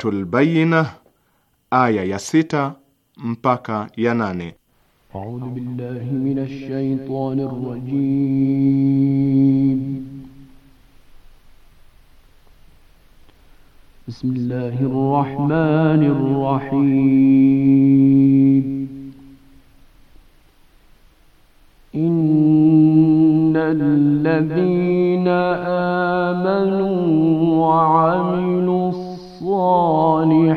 Suratul Bayyina aya ya sita mpaka ya nane. A'udhu billahi minash shaitani rrajim. Bismillahir rahmanir rahim. إن الذين آمنوا وعملوا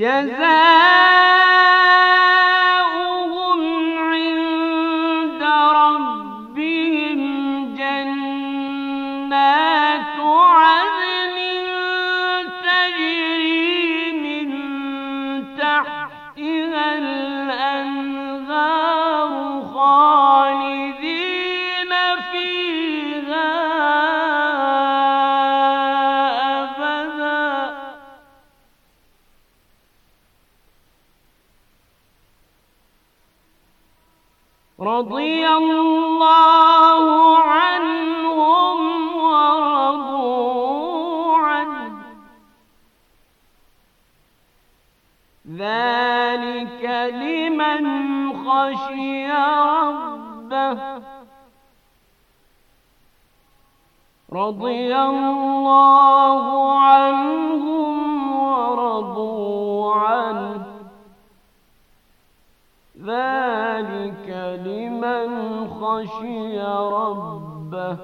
现在。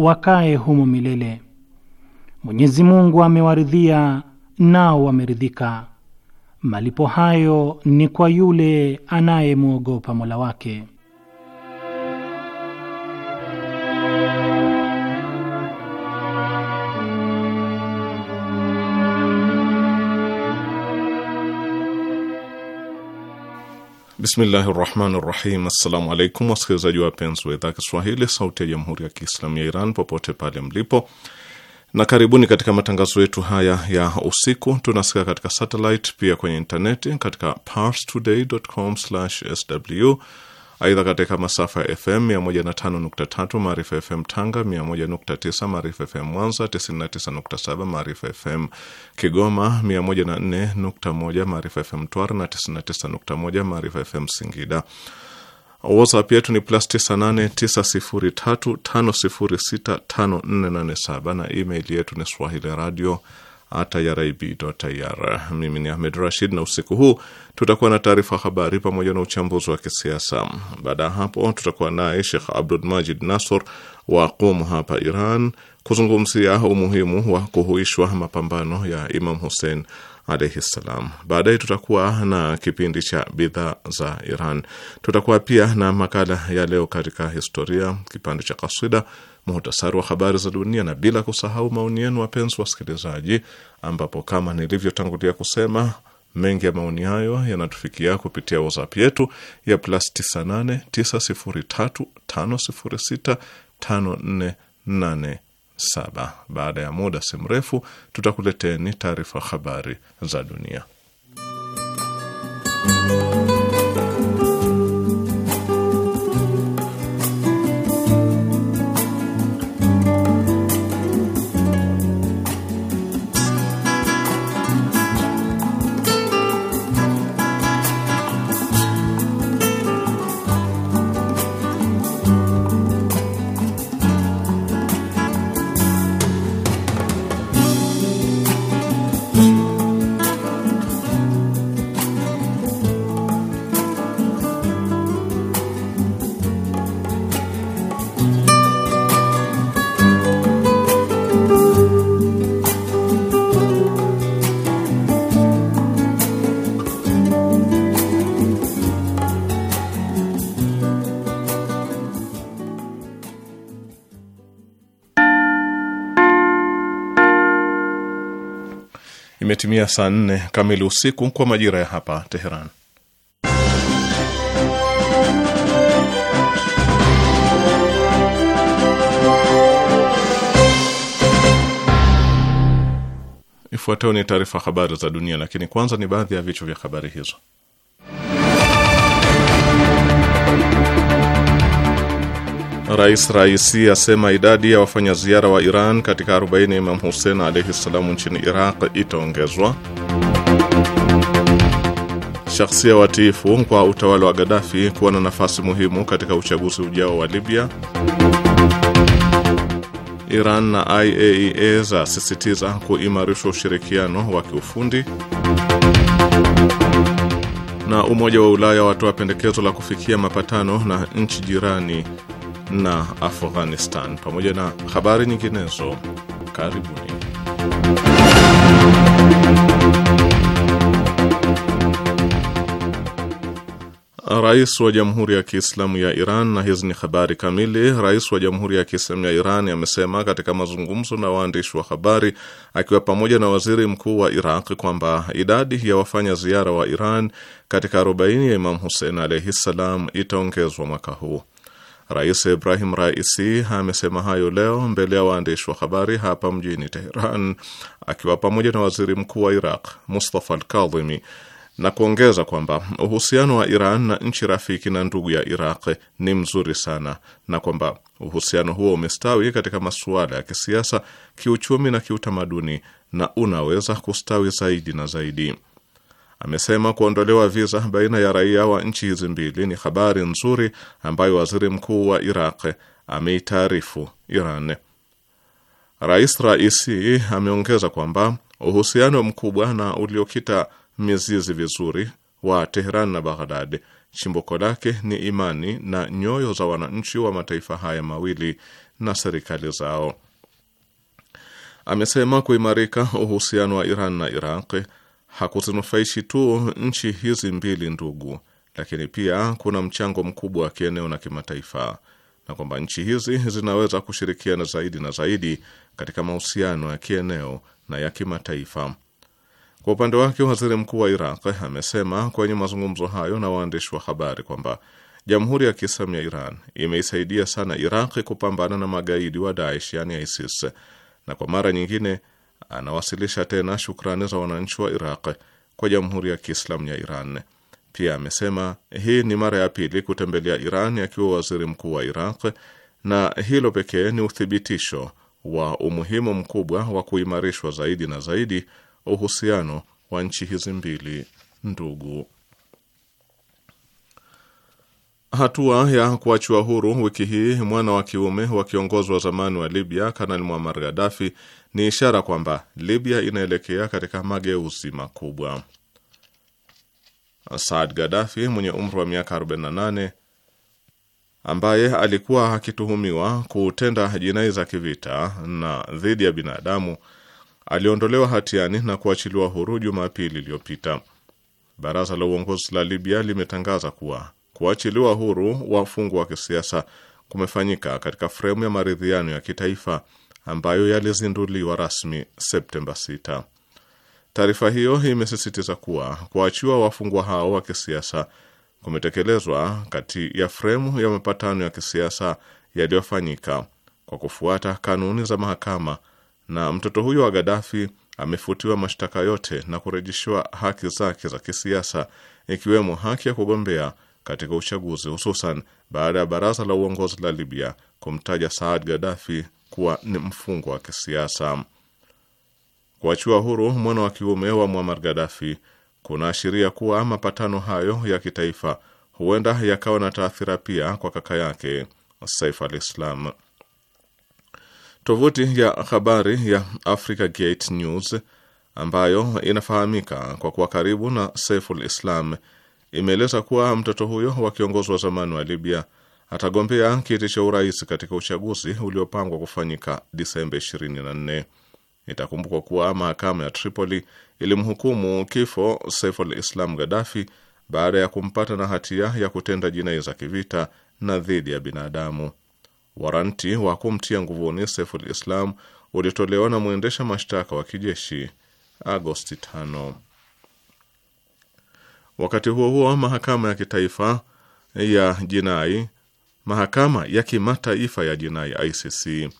wakae humo milele. Mwenyezi Mungu amewaridhia nao wameridhika. Malipo hayo ni kwa yule anayemwogopa Mola wake. Bismillahi rahmani rahim. Assalamu alaikum wasikilizaji wapenzi wa idhaa Kiswahili sauti ya jamhuri ya Kiislamu ya Iran popote pale mlipo, na karibuni katika matangazo yetu haya ya usiku. Tunasikia katika satellite pia kwenye intaneti katika parstoday.com/sw Aidha, katika masafa ya FM 105.3 Maarifa FM Tanga, 101.9 Maarifa FM Mwanza, 99.7 Maarifa FM Kigoma, 104.1 Maarifa FM Twara na 99.1 Maarifa FM Singida. WhatsApp yetu ni plus 989035065487 na email yetu ni swahili radio irib.ir. Mimi ni Ahmed Rashid, na usiku huu tutakuwa na taarifa habari pamoja na uchambuzi wa kisiasa. Baada ya hapo, tutakuwa naye Shekh Abdul Majid Nasor wa Qum hapa Iran kuzungumzia umuhimu wa kuhuishwa mapambano ya Imam Hussein alaihi ssalam. Baadaye tutakuwa na kipindi cha bidhaa za Iran. Tutakuwa pia na makala ya leo katika historia, kipande cha kaswida muhtasari wa habari za dunia na bila kusahau maoni yenu, wapenzi wasikilizaji, ambapo kama nilivyotangulia kusema mengi ya maoni hayo yanatufikia kupitia WhatsApp yetu ya plus 989035065487. Baada ya muda si mrefu, tutakuleteni taarifa habari za dunia imetimia saa nne kamili usiku kwa majira ya hapa Teheran. Ifuatayo ni taarifa habari za dunia, lakini kwanza ni baadhi ya vichwa vya habari hizo. Rais Raisi asema idadi ya wafanyaziara wa Iran katika 40 Imam Hussein alaihi ssalamu nchini Iraq itaongezwa. Shakhsia watiifu kwa utawala wa Gaddafi kuwa na nafasi muhimu katika uchaguzi ujao wa Libya. Iran na IAEA e zasisitiza kuimarisha ushirikiano wa kiufundi. Na Umoja wa Ulaya watoa pendekezo la kufikia mapatano na nchi jirani na Afghanistan pamoja na habari nyinginezo. Karibuni. Rais wa Jamhuri ya Kiislamu ya Iran, na hizi ni habari kamili. Rais wa Jamhuri ya Kiislamu ya Iran amesema katika mazungumzo na waandishi wa habari akiwa pamoja na waziri mkuu wa Iraq kwamba idadi ya wafanya ziara wa Iran katika arobaini ya Imam Hussein alaihi ssalam itaongezwa mwaka huu. Rais Ibrahim Raisi amesema hayo leo mbele ya waandishi wa habari hapa mjini Teheran akiwa pamoja na waziri mkuu wa Iraq Mustafa Alkadhimi na kuongeza kwamba uhusiano wa Iran na nchi rafiki na ndugu ya Iraq ni mzuri sana na kwamba uhusiano huo umestawi katika masuala ya kisiasa, kiuchumi na kiutamaduni na unaweza kustawi zaidi na zaidi amesema kuondolewa viza baina ya raia wa nchi hizi mbili ni habari nzuri ambayo waziri mkuu wa Iraq ameitaarifu Iran. Rais Raisi ameongeza kwamba uhusiano mkubwa na uliokita mizizi vizuri wa Teheran na Baghdad chimbuko lake ni imani na nyoyo za wananchi wa mataifa haya mawili na serikali zao. Amesema kuimarika uhusiano wa Iran na Iraq hakuzinufaishi tu nchi hizi mbili ndugu, lakini pia kuna mchango mkubwa wa kieneo na kimataifa, na kwamba nchi hizi zinaweza kushirikiana zaidi na zaidi katika mahusiano ya kieneo na ya kimataifa. Kwa upande wake, waziri mkuu wa Iraq amesema kwenye mazungumzo hayo na waandishi wa habari kwamba Jamhuri ya Kiislamu ya Iran imeisaidia sana Iraq kupambana na magaidi wa Daesh, yani ISIS, na kwa mara nyingine anawasilisha tena shukrani za wananchi wa Iraq kwa Jamhuri ya Kiislamu ya Iran. Pia amesema hii ni mara ya pili kutembelea Iran akiwa waziri mkuu wa Iraq, na hilo pekee ni uthibitisho wa umuhimu mkubwa wa kuimarishwa zaidi na zaidi uhusiano wa nchi hizi mbili ndugu. Hatua ya kuachiwa huru wiki hii mwana wa kiume wa kiongozi wa zamani wa Libya Kanali Muammar Gaddafi ni ishara kwamba Libya inaelekea katika mageuzi makubwa. Saad Gaddafi mwenye umri wa miaka 48 ambaye alikuwa akituhumiwa kutenda jinai za kivita na dhidi ya binadamu aliondolewa hatiani na kuachiliwa huru Jumapili iliyopita. Baraza la uongozi la Libya limetangaza kuwa kuachiliwa huru wafungwa wa kisiasa kumefanyika katika fremu ya maridhiano ya kitaifa ambayo yalizinduliwa rasmi Septemba 6. Taarifa hiyo imesisitiza kuwa kuachiwa wafungwa hao wa kisiasa kumetekelezwa kati ya fremu ya mapatano ya kisiasa yaliyofanyika kwa kufuata kanuni za mahakama, na mtoto huyo wa Gaddafi amefutiwa mashtaka yote na kurejeshiwa haki zake za kisiasa, ikiwemo haki ya kugombea katika uchaguzi, hususan baada ya baraza la uongozi la Libya kumtaja Saad Gaddafi kuwa ni mfungwa wa kisiasa. Kuachiwa huru mwana wa kiume wa Muammar Gaddafi kunaashiria kuwa mapatano hayo ya kitaifa huenda yakawa na taathira pia kwa kaka yake Saif al-Islam. Tovuti ya habari ya Africa Gate News ambayo inafahamika kwa kuwa karibu na Saiful Islam imeeleza kuwa mtoto huyo wa kiongozi wa zamani wa Libya atagombea kiti cha urais katika uchaguzi uliopangwa kufanyika Disemba 24. Itakumbukwa kuwa mahakama ya Tripoli ilimhukumu kifo Saiful Islam Gaddafi baada ya kumpata na hatia ya kutenda jinai za kivita na dhidi ya binadamu. Waranti wa kumtia nguvuni Saiful Islam ulitolewa na mwendesha mashtaka wa kijeshi Agosti 5. Wakati huo huo, mahakama ya kitaifa ya jinai Mahakama ya Kimataifa ya Jinai ICC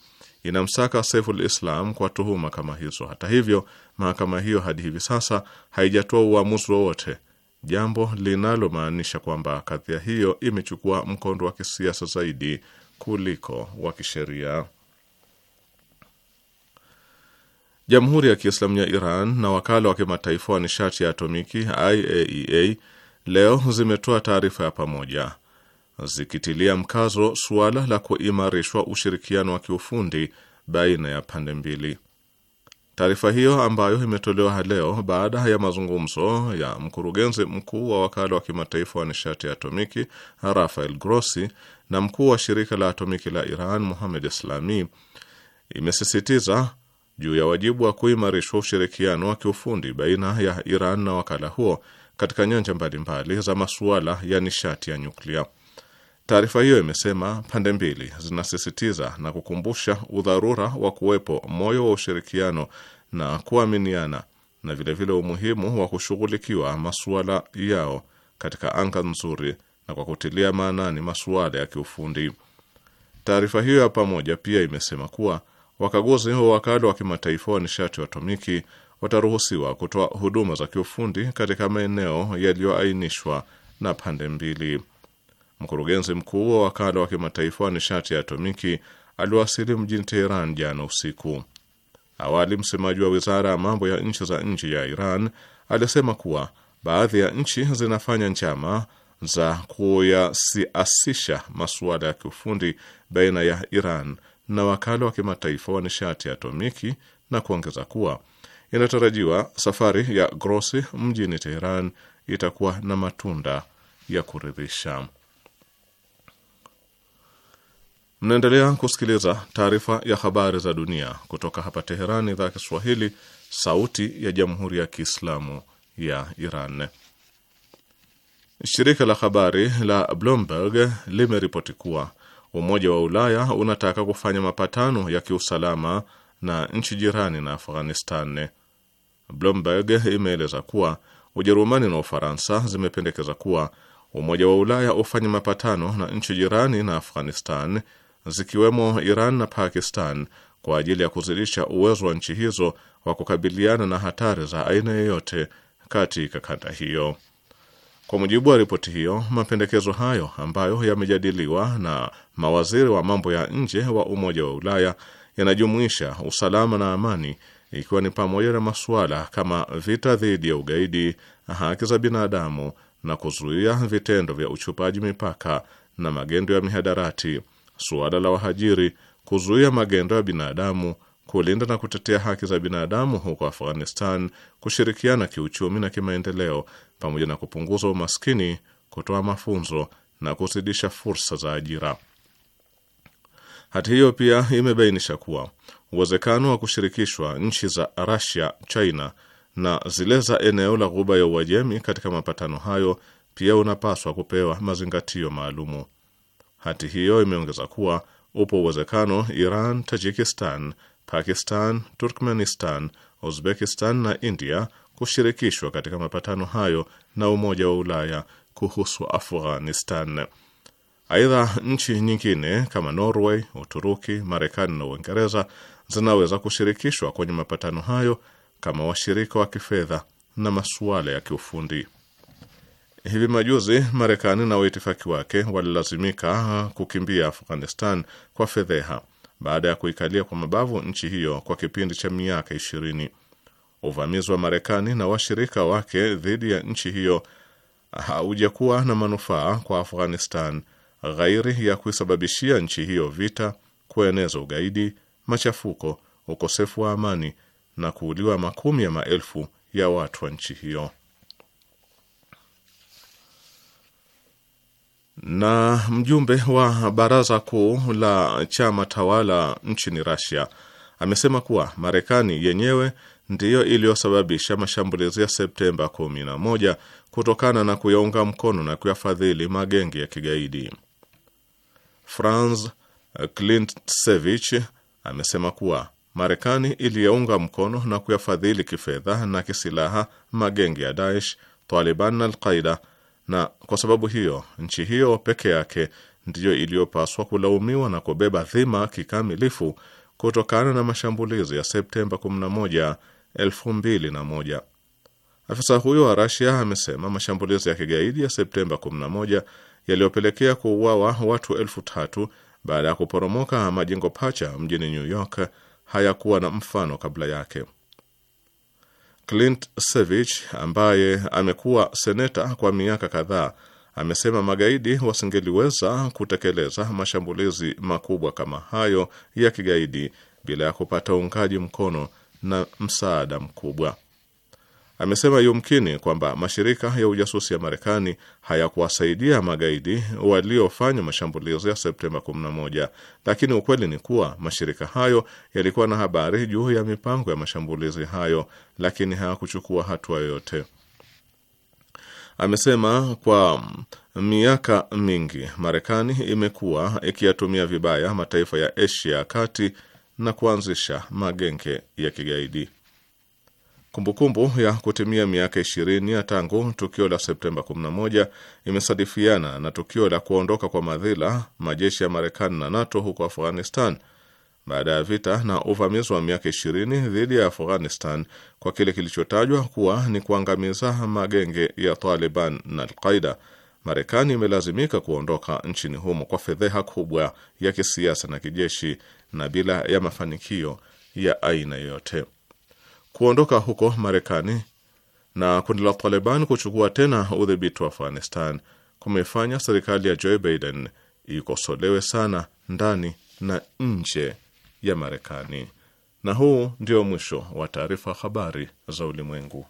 inamsaka Saiful Islam kwa tuhuma kama hizo. Hata hivyo, mahakama hiyo hadi hivi sasa haijatoa uamuzi wowote, jambo linalomaanisha kwamba kadhia hiyo imechukua mkondo wa kisiasa zaidi kuliko wa kisheria. Jamhuri ya Kiislamu ya Iran na wakala wa kimataifa wa nishati ya atomiki IAEA e leo zimetoa taarifa ya pamoja zikitilia mkazo suala la kuimarishwa ushirikiano wa kiufundi baina ya pande mbili. Taarifa hiyo ambayo imetolewa leo baada ya mazungumzo ya mkurugenzi mkuu wa wakala wa kimataifa wa nishati ya atomiki Rafael Grossi na mkuu wa shirika la atomiki la Iran Mohamed Islami imesisitiza juu ya wajibu wa kuimarishwa ushirikiano wa kiufundi baina ya Iran na wakala huo katika nyanja mbalimbali za masuala ya nishati ya nyuklia. Taarifa hiyo imesema pande mbili zinasisitiza na kukumbusha udharura wa kuwepo moyo wa ushirikiano na kuaminiana na vilevile vile umuhimu wa kushughulikiwa masuala yao katika anga nzuri na kwa kutilia maanani masuala ya kiufundi. Taarifa hiyo ya pamoja pia imesema kuwa wakaguzi wa wakala wa kimataifa wa nishati wa atomiki wataruhusiwa kutoa huduma za kiufundi katika maeneo yaliyoainishwa na pande mbili. Mkurugenzi mkuu wa wakala wa kimataifa wa nishati ya atomiki aliwasili mjini Teheran jana usiku. Awali msemaji wa wizara ya mambo ya nchi za nje ya Iran alisema kuwa baadhi ya nchi zinafanya njama za kuyasiasisha masuala ya kiufundi baina ya Iran na wakala wa kimataifa wa nishati ya atomiki na kuongeza kuwa inatarajiwa safari ya Grossi mjini Teheran itakuwa na matunda ya kuridhisha. Mnaendelea kusikiliza taarifa ya habari za dunia kutoka hapa Teherani, idhaa ya Kiswahili, sauti ya jamhuri ya kiislamu ya Iran. Shirika la habari la Bloomberg limeripoti kuwa Umoja wa Ulaya unataka kufanya mapatano ya kiusalama na nchi jirani na Afghanistan. Bloomberg imeeleza kuwa Ujerumani na Ufaransa zimependekeza kuwa Umoja wa Ulaya ufanye mapatano na nchi jirani na Afghanistan zikiwemo Iran na Pakistan kwa ajili ya kuzidisha uwezo wa nchi hizo wa kukabiliana na hatari za aina yoyote katika kanda hiyo. Kwa mujibu wa ripoti hiyo, mapendekezo hayo ambayo yamejadiliwa na mawaziri wa mambo ya nje wa Umoja wa Ulaya yanajumuisha usalama na amani, ikiwa ni pamoja na masuala kama vita dhidi ya ugaidi, haki za binadamu na kuzuia vitendo vya uchupaji mipaka na magendo ya mihadarati suala la wahajiri, kuzuia magendo ya binadamu, kulinda na kutetea haki za binadamu huko Afghanistan, kushirikiana kiuchumi na kimaendeleo, pamoja na kupunguza umaskini, kutoa mafunzo na kuzidisha fursa za ajira. Hati hiyo pia imebainisha kuwa uwezekano wa kushirikishwa nchi za Russia, China na zile za eneo la Ghuba ya Uajemi katika mapatano hayo pia unapaswa kupewa mazingatio maalumu. Hati hiyo imeongeza kuwa upo uwezekano Iran, Tajikistan, Pakistan, Turkmenistan, Uzbekistan na India kushirikishwa katika mapatano hayo na Umoja wa Ulaya kuhusu Afghanistan. Aidha, nchi nyingine kama Norway, Uturuki, Marekani na Uingereza zinaweza kushirikishwa kwenye mapatano hayo kama washirika wa kifedha na masuala ya kiufundi. Hivi majuzi Marekani na waitifaki wake walilazimika uh, kukimbia Afghanistan kwa fedheha baada ya kuikalia kwa mabavu nchi hiyo kwa kipindi cha miaka ishirini. Uvamizi wa Marekani na washirika wake dhidi ya nchi hiyo haujakuwa na manufaa kwa Afghanistan ghairi ya kuisababishia nchi hiyo vita, kueneza ugaidi, machafuko, ukosefu wa amani na kuuliwa makumi ya maelfu ya watu wa nchi hiyo. Na mjumbe wa baraza kuu la chama tawala nchini Russia amesema kuwa Marekani yenyewe ndiyo iliyosababisha mashambulizi ya Septemba 11 kutokana na kuyaunga mkono na kuyafadhili magenge ya kigaidi. Franz Klintsevich amesema kuwa Marekani iliyaunga mkono na kuyafadhili kifedha na kisilaha magenge ya Daesh, Taliban na Alqaida na kwa sababu hiyo nchi hiyo peke yake ndiyo iliyopaswa kulaumiwa na kubeba dhima kikamilifu kutokana na mashambulizi ya Septemba 11, 2001. Afisa huyo wa Rasia amesema mashambulizi ya kigaidi ya Septemba 11 yaliyopelekea kuuawa watu elfu tatu baada ya kuporomoka majengo pacha mjini New York hayakuwa na mfano kabla yake. Clint Savage ambaye amekuwa seneta kwa miaka kadhaa amesema magaidi wasingeliweza kutekeleza mashambulizi makubwa kama hayo ya kigaidi bila ya kupata uungaji mkono na msaada mkubwa. Amesema yumkini kwamba mashirika ya ujasusi ya Marekani hayakuwasaidia magaidi waliofanya mashambulizi ya Septemba 11, lakini ukweli ni kuwa mashirika hayo yalikuwa na habari juu ya mipango ya mashambulizi hayo, lakini hayakuchukua hatua yoyote. Amesema kwa miaka mingi Marekani imekuwa ikiyatumia vibaya mataifa ya Asia ya kati na kuanzisha magenge ya kigaidi. Kumbukumbu ya kutimia miaka ishirini ya tangu tukio la Septemba 11 imesadifiana na tukio la kuondoka kwa madhila majeshi ya Marekani na NATO huko Afghanistan baada ya vita na uvamizi wa miaka ishirini dhidi ya Afghanistan kwa kile kilichotajwa kuwa ni kuangamiza magenge ya Taliban na Alqaida. Marekani imelazimika kuondoka nchini humo kwa fedheha kubwa ya kisiasa na kijeshi na bila ya mafanikio ya aina yoyote kuondoka huko Marekani na kundi la Taliban kuchukua tena udhibiti wa Afghanistan kumefanya serikali ya Joe Biden ikosolewe sana ndani na nje ya Marekani. Na huu ndio mwisho wa taarifa habari za ulimwengu.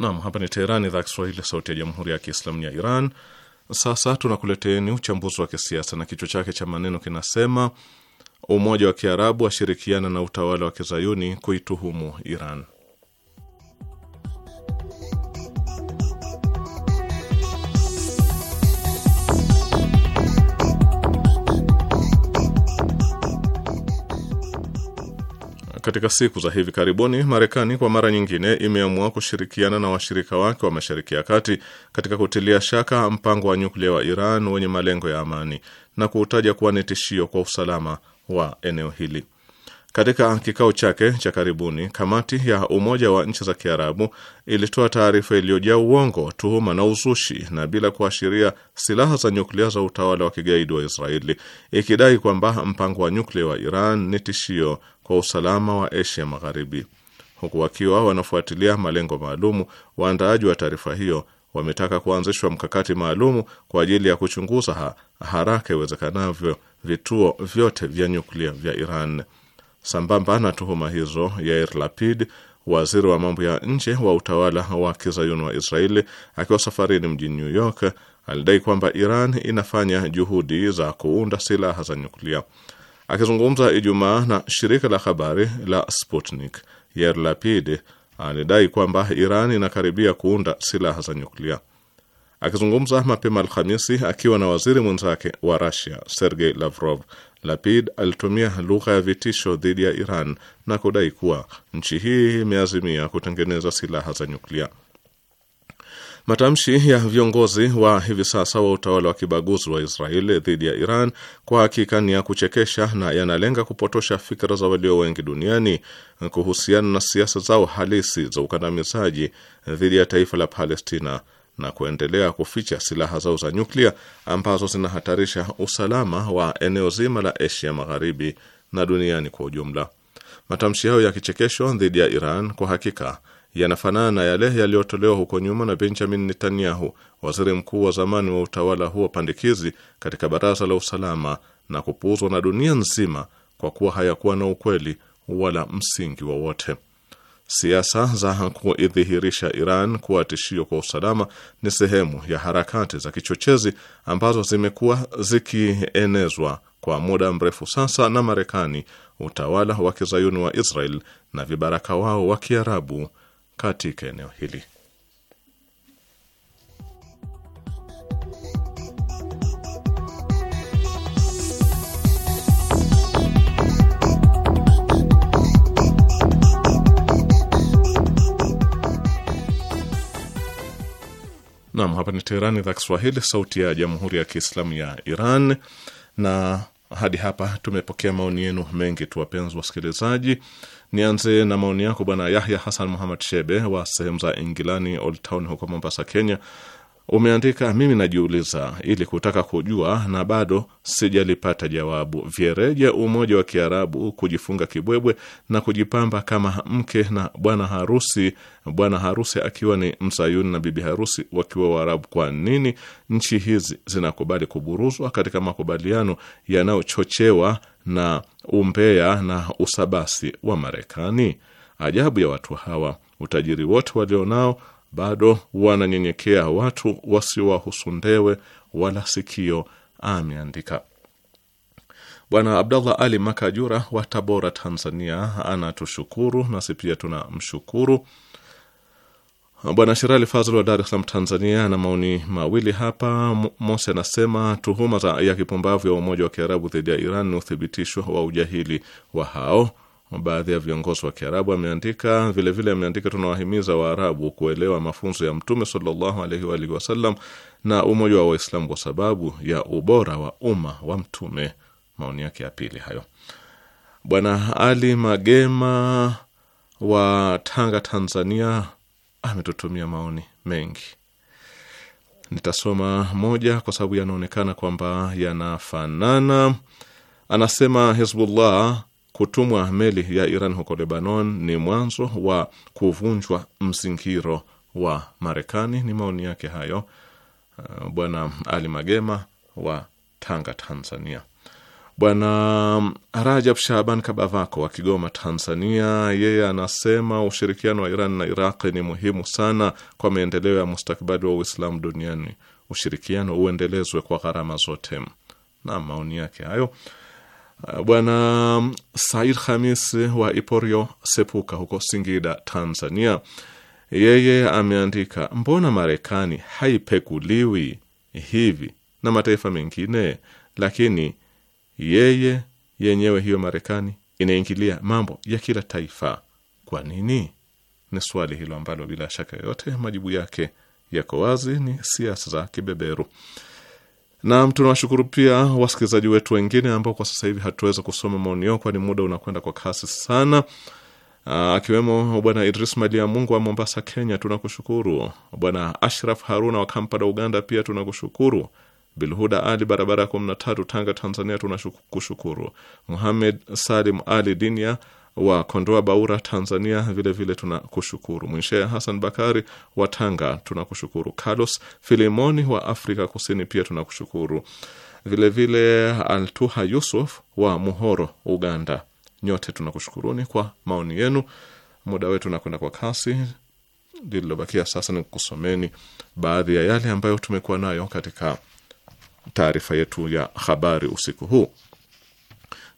Naam, hapa ni Teherani, idhaa Kiswahili, sauti ya jamhuri ya kiislamu ya Iran. Sasa tunakuleteeni uchambuzi wa kisiasa na kichwa chake cha maneno kinasema: umoja wa Kiarabu washirikiana na utawala wa kizayuni kuituhumu Iran. Katika siku za hivi karibuni, Marekani kwa mara nyingine imeamua kushirikiana na washirika wake wa Mashariki ya Kati katika kutilia shaka mpango wa nyuklia wa Iran wenye malengo ya amani na kuutaja kuwa ni tishio kwa usalama wa eneo hili. Katika kikao chake cha karibuni, kamati ya Umoja wa Nchi za Kiarabu ilitoa taarifa iliyojaa uongo, tuhuma na uzushi na bila kuashiria silaha za nyuklia za utawala wa kigaidi wa Israeli, ikidai kwamba mpango wa nyuklia wa Iran ni tishio kwa usalama wa Asia Magharibi. Huku wakiwa wanafuatilia malengo maalumu, waandaaji wa taarifa hiyo wametaka kuanzishwa mkakati maalumu kwa ajili ya kuchunguza ha, haraka iwezekanavyo vituo vyote vya nyuklia vya Iran. Sambamba na tuhuma hizo, Yair Lapid, waziri wa mambo ya nje wa utawala wa kizayuni wa Israeli, akiwa safarini mjini New York, alidai kwamba Iran inafanya juhudi za kuunda silaha za nyuklia. Akizungumza Ijumaa na shirika la habari la Sputnik, Yair Lapid alidai kwamba Iran inakaribia kuunda silaha za nyuklia. Akizungumza mapema Alhamisi akiwa na waziri mwenzake wa Rusia Sergei Lavrov, Lapid alitumia lugha ya vitisho dhidi ya Iran na kudai kuwa nchi hii imeazimia kutengeneza silaha za nyuklia. Matamshi ya viongozi wa hivi sasa wa utawala wa kibaguzi wa Israeli dhidi ya Iran kwa hakika ni ya kuchekesha na yanalenga kupotosha fikra za walio wengi duniani kuhusiana na siasa zao halisi za ukandamizaji dhidi ya taifa la Palestina na kuendelea kuficha silaha zao za nyuklia ambazo zinahatarisha usalama wa eneo zima la Asia Magharibi na duniani kwa ujumla. Matamshi yao ya kichekesho dhidi ya Iran kwa hakika yanafanana na yale yaliyotolewa huko nyuma na Benjamin Netanyahu, waziri mkuu wa zamani wa utawala huo pandikizi, katika baraza la usalama na kupuuzwa na dunia nzima kwa kuwa hayakuwa na ukweli wala msingi wowote. Siasa za kuidhihirisha Iran kuwa tishio kwa usalama ni sehemu ya harakati za kichochezi ambazo zimekuwa zikienezwa kwa muda mrefu sasa na Marekani, utawala wa kizayuni wa Israel na vibaraka wao wa Kiarabu katika eneo hili. Nam, hapa ni Teherani, idhaa Kiswahili, sauti ya jamhuri ya kiislamu ya Iran na hadi hapa tumepokea maoni yenu mengi tu, wapenzi wasikilizaji. Nianze na maoni yako Bwana Yahya Hasan Muhamad Shebe wa sehemu za Ingilani, Old Town huko Mombasa, Kenya. Umeandika, mimi najiuliza ili kutaka kujua na bado sijalipata jawabu. Vyereje umoja wa Kiarabu kujifunga kibwebwe na kujipamba kama mke na bwana harusi, bwana harusi akiwa ni msayuni na bibi harusi wakiwa Waarabu? Kwa nini nchi hizi zinakubali kuburuzwa katika makubaliano yanayochochewa na umbea na usabasi wa Marekani? Ajabu ya watu hawa, utajiri wote walionao bado wananyenyekea watu wasiwahusundewe wala sikio, ameandika Bwana Abdallah Ali Makajura wa Tabora, Tanzania, anatushukuru. Nasi pia tunamshukuru. Bwana Shirali Fazl wa Dar es Salaam, Tanzania, ana maoni mawili hapa. Mosi anasema tuhuma ya kipumbavu ya Umoja wa Kiarabu dhidi ya Iran ni uthibitisho wa ujahili wa hao baadhi ya viongozi wa Kiarabu ameandika vilevile, ameandika tunawahimiza Waarabu kuelewa mafunzo ya Mtume sallallahu alaihi wa alihi wasallam na umoja wa Waislamu kwa sababu ya ubora wa umma wa Mtume. Maoni yake ya pili hayo. Bwana Ali Magema wa Tanga, Tanzania ametutumia maoni mengi, nitasoma moja kwa sababu yanaonekana kwamba yanafanana. Anasema Hezbullah kutumwa meli ya Iran huko Lebanon ni mwanzo wa kuvunjwa mzingiro wa Marekani. Ni maoni yake hayo, uh, Bwana Ali Magema wa Tanga, Tanzania. Bwana um, Rajab Shaban Kabavako wa Kigoma, Tanzania, yeye anasema ushirikiano wa Iran na Iraq ni muhimu sana kwa maendeleo ya mustakabali wa Uislamu duniani. Ushirikiano uendelezwe kwa gharama zote. Na maoni yake hayo Uh, Bwana um, Said Khamis wa Iporio Sepuka huko Singida, Tanzania, yeye ameandika, mbona Marekani haipekuliwi hivi na mataifa mengine? Lakini yeye yenyewe hiyo Marekani inaingilia mambo ya kila taifa. Kwa nini? Ni swali hilo ambalo bila shaka yoyote majibu yake yako wazi, ni siasa za kibeberu. Naam, tunawashukuru pia wasikilizaji wetu wengine ambao kwa sasa hivi hatuweza kusoma maoni yao, kwani muda unakwenda kwa kasi sana, ah, akiwemo bwana Idris Malia Mungu wa Mombasa, Kenya, tunakushukuru. Bwana Ashraf Haruna wa Kampala, Uganda, pia tunakushukuru. Bilhuda Ali barabara ya kumi na tatu, Tanga, Tanzania, tunakushukuru. Muhamed Salim Ali Dinia wa Kondoa Baura, Tanzania. Vilevile kushukuru Mwinshe Hassan Bakari wa Tanga, tuna kushukuru Carlos Filimoni wa Afrika Kusini, pia tuna kushukuru vilevile Altuha Yusuf wa Muhoro, Uganda. Nyote tuna kushukuruni kwa maoni yenu. Muda wetu nakwenda kwa kasi. Lililobakia sasa ni kusomeni baadhi ya yale ambayo tumekuwa nayo katika taarifa yetu ya habari usiku huu.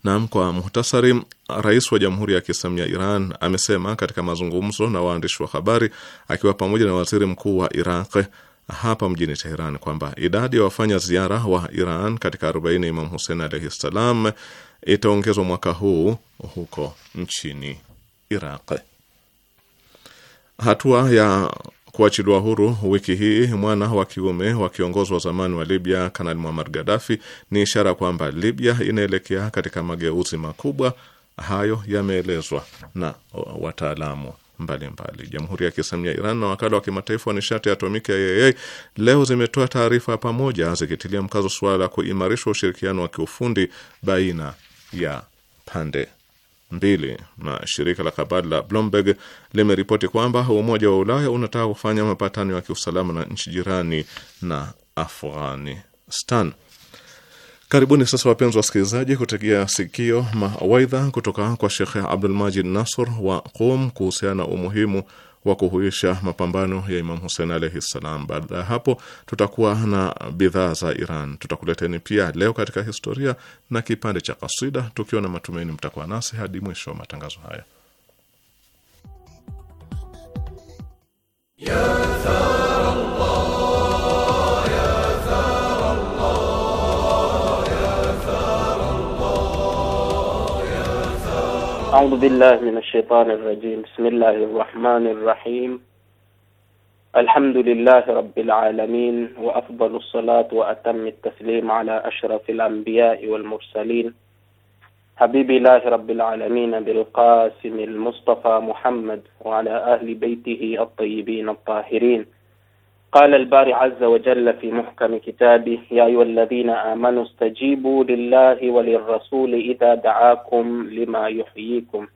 Naam, kwa muhtasari, rais wa Jamhuri ya Kiislamu ya Iran amesema katika mazungumzo na waandishi wa habari akiwa pamoja na waziri mkuu wa Iraq hapa mjini Teheran kwamba idadi ya wafanya ziara wa Iran katika arobaini Imam Hussein alaihi ssalam itaongezwa mwaka huu huko nchini Iraq. Hatua ya kuachiliwa huru wiki hii mwana wa kiume wa kiongozi wa zamani wa Libya Kanali Muammar Gaddafi ni ishara kwamba Libya inaelekea katika mageuzi makubwa. Hayo yameelezwa na wataalamu mbalimbali. Jamhuri ya Kiislamu ya Iran na wakala wa kimataifa wa nishati ya atomiki IAEA leo zimetoa taarifa pamoja zikitilia mkazo suala la kuimarisha ushirikiano wa kiufundi baina ya pande mbili. Na shirika la habari la Bloomberg limeripoti kwamba Umoja wa Ulaya unataka kufanya mapatano ya kiusalama na nchi jirani na Afghanistan. Karibuni sasa wapenzi wasikilizaji, kutegea sikio mawaidha kutoka kwa Shekhe Abdulmajid Nasr wa Qum kuhusiana na umuhimu wa kuhuisha mapambano ya Imam Husein alaihi ssalam. Baada ya hapo, tutakuwa na bidhaa za Iran. Tutakuleteni pia leo katika historia na kipande cha kasida, tukiwa na matumaini mtakuwa nasi hadi mwisho wa matangazo haya ya أعوذ بالله من الشيطان الرجيم بسم الله الرحمن الرحيم الحمد لله رب العالمين وأفضل الصلاة وأتم التسليم على أشرف الأنبياء والمرسلين حبيب الله رب العالمين بالقاسم المصطفى محمد وعلى أهل بيته الطيبين الطاهرين قال الباري عز وجل في محكم كتابه يا أيها الذين آمنوا استجيبوا لله وللرسول إذا دعاكم لما يحييكم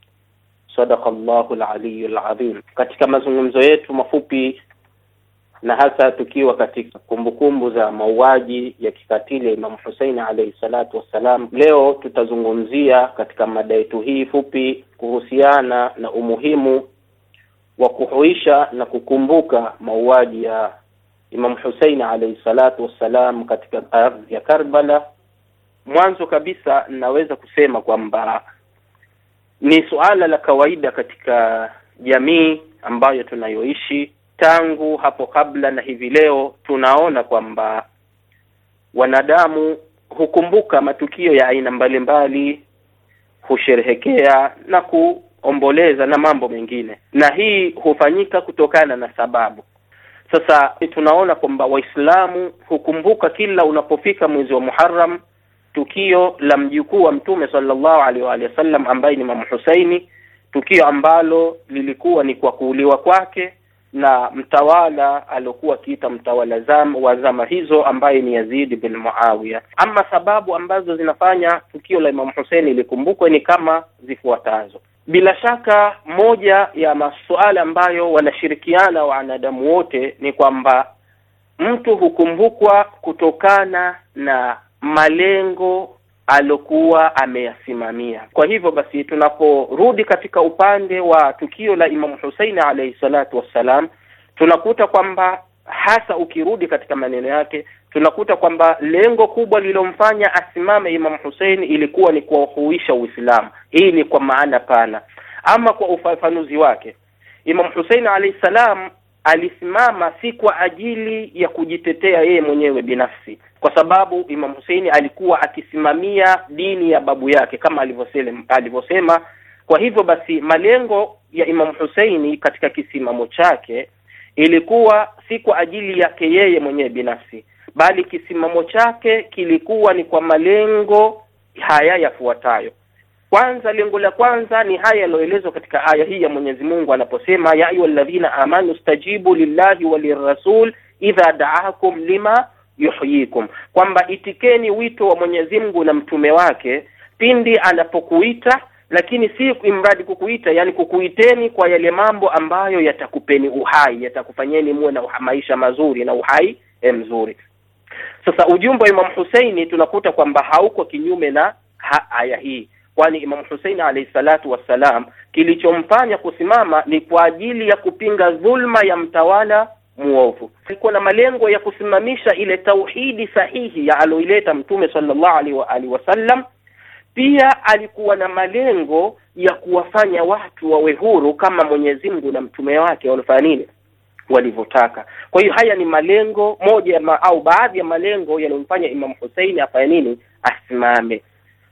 صدق الله العلي العظيم Katika mazungumzo yetu mafupi na hasa tukiwa katika kumbukumbu za mauaji ya kikatili ya Imam Hussein alayhi salatu wassalam, leo tutazungumzia katika mada yetu hii fupi kuhusiana na umuhimu wa kuhuisha na kukumbuka mauaji ya Imam Hussein alayhi salatu wassalam katika ardhi ya Karbala. Mwanzo kabisa naweza kusema kwamba ni suala la kawaida katika jamii ambayo tunayoishi tangu hapo kabla na hivi leo tunaona kwamba wanadamu hukumbuka matukio ya aina mbalimbali, husherehekea na kuomboleza na mambo mengine, na hii hufanyika kutokana na sababu sasa eh, tunaona kwamba Waislamu hukumbuka kila unapofika mwezi wa Muharram tukio la mjukuu wa Mtume sallallahu alaihi wa alihi wasallam ambaye ni Imamu Husaini, tukio ambalo lilikuwa ni kwa kuuliwa kwake na mtawala aliokuwa akiita mtawala zam wa zama hizo ambaye ni Yazid bin Muawiya. Ama sababu ambazo zinafanya tukio la Imamu Husaini likumbukwe ni kama zifuatazo. Bila shaka moja ya masuala ambayo wanashirikiana wanadamu wote ni kwamba mtu hukumbukwa kutokana na malengo alokuwa ameyasimamia. Kwa hivyo basi, tunaporudi katika upande wa tukio la Imamu Huseini alayhi salatu wassalam, tunakuta kwamba hasa ukirudi katika maneno yake tunakuta kwamba lengo kubwa lililomfanya asimame Imam Hussein ilikuwa ni kuwahuisha Uislamu. Hii ni kwa maana pana. Ama kwa ufafanuzi wake, Imam Hussein alayhi salam alisimama si kwa ajili ya kujitetea yeye mwenyewe binafsi, kwa sababu Imam Hussein alikuwa akisimamia dini ya babu yake kama alivyosema alivyosema. Kwa hivyo basi, malengo ya Imam Hussein katika kisimamo chake ilikuwa si kwa ajili yake yeye mwenyewe binafsi bali kisimamo chake kilikuwa ni kwa malengo haya yafuatayo kwanza lengo la kwanza ni haya yanayoelezwa katika aya hii ya Mwenyezi Mungu anaposema ya ayyuhalladhina amanu stajibu lillahi walirrasul idha da'akum lima yuhyikum kwamba itikeni wito wa Mwenyezi Mungu na mtume wake pindi anapokuita lakini si imradi kukuita yani kukuiteni kwa yale mambo ambayo yatakupeni uhai yatakufanyeni muwe na maisha mazuri na uhai mzuri sasa ujumbe wa Imam Huseini tunakuta kwamba hauko kinyume na aya hii, kwani Imam Huseini alayhi salatu wassalam kilichomfanya kusimama ni kwa ajili ya kupinga dhulma ya mtawala muovu. Alikuwa na malengo ya kusimamisha ile tauhidi sahihi ya aloileta Mtume sallallahu alaihi wa alihi wasallam. Pia alikuwa na malengo ya kuwafanya watu wawe huru kama Mwenyezi Mungu na mtume wake walifanya nini walivyotaka. Kwa hiyo haya ni malengo moja ma, au baadhi ya malengo yaliyomfanya Imam Hussein afanye nini, asimame.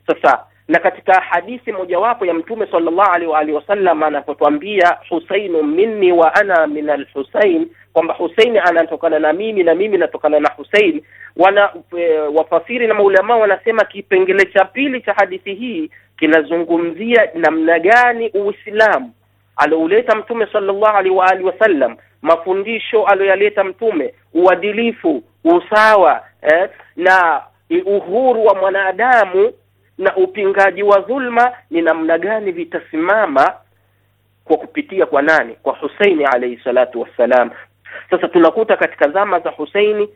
Sasa na katika hadithi mojawapo ya Mtume sallallahu alaihi wa alihi wasallam anapotuambia Husainu minni wa ana min al-Husain, kwamba Husaini anatokana na mimi na mimi natokana na Husain. Wana e, wafasiri na maulama wanasema kipengele cha pili cha hadithi hii kinazungumzia namna gani Uislamu aliouleta Mtume sallallahu alaihi wa alihi wasallam mafundisho aliyoyaleta mtume uadilifu usawa eh, na uhuru wa mwanadamu na upingaji wa dhulma ni namna gani vitasimama kwa kupitia kwa nani kwa Husaini alayhi salatu wassalam sasa tunakuta katika zama za Husaini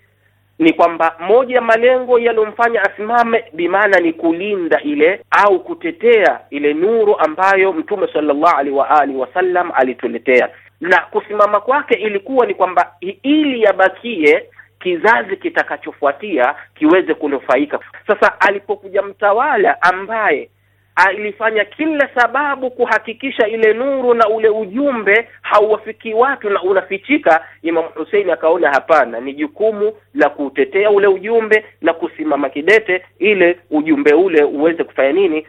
ni kwamba moja ya malengo yaliyomfanya asimame bimaana ni kulinda ile au kutetea ile nuru ambayo mtume sallallahu alaihi wa alihi wasallam alituletea na kusimama kwake ilikuwa ni kwamba ili yabakie kizazi kitakachofuatia kiweze kunufaika. Sasa alipokuja mtawala ambaye alifanya kila sababu kuhakikisha ile nuru na ule ujumbe hauwafikii watu na unafichika, Imam Hussein akaona hapana, ni jukumu la kutetea ule ujumbe na kusimama kidete, ile ujumbe ule uweze kufanya nini,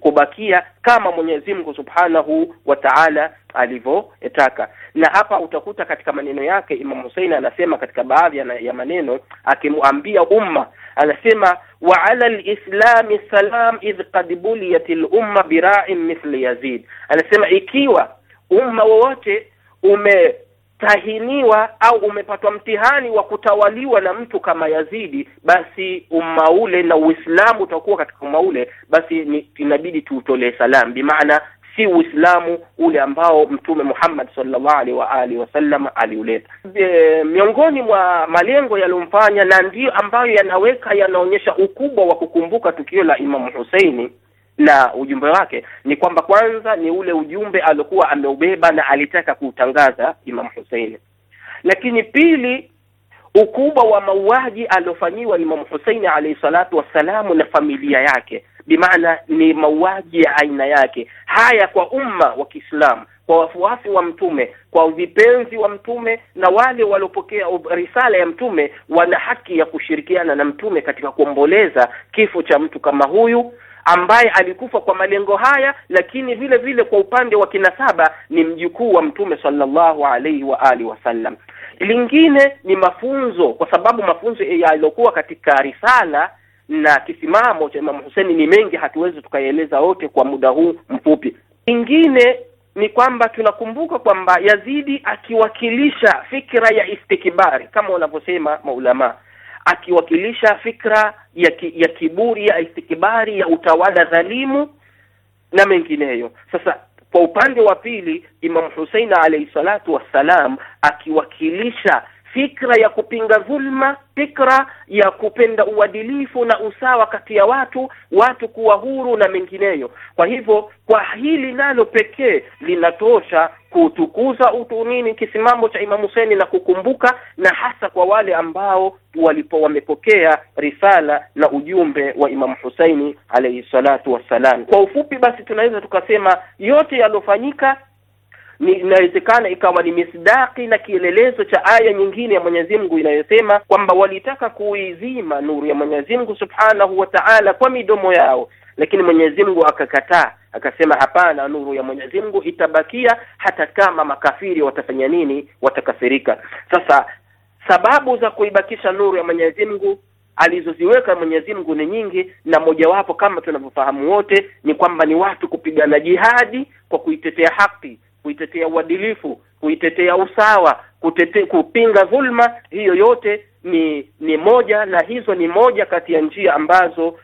kubakia kama Mwenyezi Mungu Subhanahu wa Ta'ala alivyotaka. Na hapa utakuta katika maneno yake Imam Hussein anasema katika baadhi ya maneno akimwambia umma, anasema wa ala lislami salam idh qad buliyat lumma bira'in mithli Yazid, anasema ikiwa umma wowote ume umetahiniwa au umepatwa mtihani wa kutawaliwa na mtu kama Yazidi, basi umma ule na Uislamu utakuwa katika umma ule, basi ni, inabidi tuutolee salam, maana si Uislamu ule ambao Mtume Muhammad sallallahu alaihi wa alihi wasallam aliuleta. E, miongoni mwa malengo yaliyomfanya na ndiyo ambayo yanaweka yanaonyesha ukubwa wa kukumbuka tukio la Imamu Husaini na ujumbe wake ni kwamba kwanza ni ule ujumbe aliokuwa ameubeba na alitaka kuutangaza Imam Hussein, lakini pili ukubwa wa mauaji aliofanyiwa Imam Hussein alayhi salatu wassalamu na familia yake, bimaana ni mauaji ya aina yake haya kwa umma wa Kiislamu, kwa wafuasi wa mtume, kwa vipenzi wa mtume na wale waliopokea risala ya mtume, wana haki ya kushirikiana na mtume katika kuomboleza kifo cha mtu kama huyu ambaye alikufa kwa malengo haya, lakini vile vile kwa upande wa kinasaba ni mjukuu wa Mtume sallallahu alaihi wa ali wasallam. Lingine ni mafunzo, kwa sababu mafunzo yaliyokuwa katika risala na kisimamo cha Imamu Huseni ni mengi, hatuwezi tukaeleza wote kwa muda huu mfupi. Lingine ni kwamba tunakumbuka kwamba Yazidi akiwakilisha fikra ya istikibari kama wanavyosema maulamaa akiwakilisha fikra ya ki, ya kiburi ya istikibari ya utawala dhalimu na mengineyo sasa kwa upande wa pili Imam Husein alayhi salatu wassalam akiwakilisha fikra ya kupinga dhulma, fikra ya kupenda uadilifu na usawa kati ya watu, watu kuwa huru na mengineyo. Kwa hivyo, kwa hili nalo pekee linatosha kutukuza utunini kisimamo cha Imam Huseni na kukumbuka, na hasa kwa wale ambao walipo wamepokea risala na ujumbe wa Imam huseini alayhi salatu wassalam. Kwa ufupi basi, tunaweza tukasema yote yalofanyika inawezekana ikawa ni misdaki na kielelezo cha aya nyingine ya Mwenyezi Mungu inayosema kwamba walitaka kuizima nuru ya Mwenyezi Mungu Subhanahu wa Ta'ala kwa midomo yao, lakini Mwenyezi Mungu akakataa, akasema hapana, nuru ya Mwenyezi Mungu itabakia hata kama makafiri watafanya nini, watakafirika. Sasa sababu za kuibakisha nuru ya Mwenyezi Mungu alizoziweka Mwenyezi Mungu ni nyingi, na mojawapo kama tunavyofahamu wote ni kwamba ni watu kupigana jihadi kwa kuitetea haki kuitetea uadilifu, kuitetea usawa, kutete, kupinga dhulma. Hiyo yote ni ni moja, na hizo ni moja kati ya njia ambazo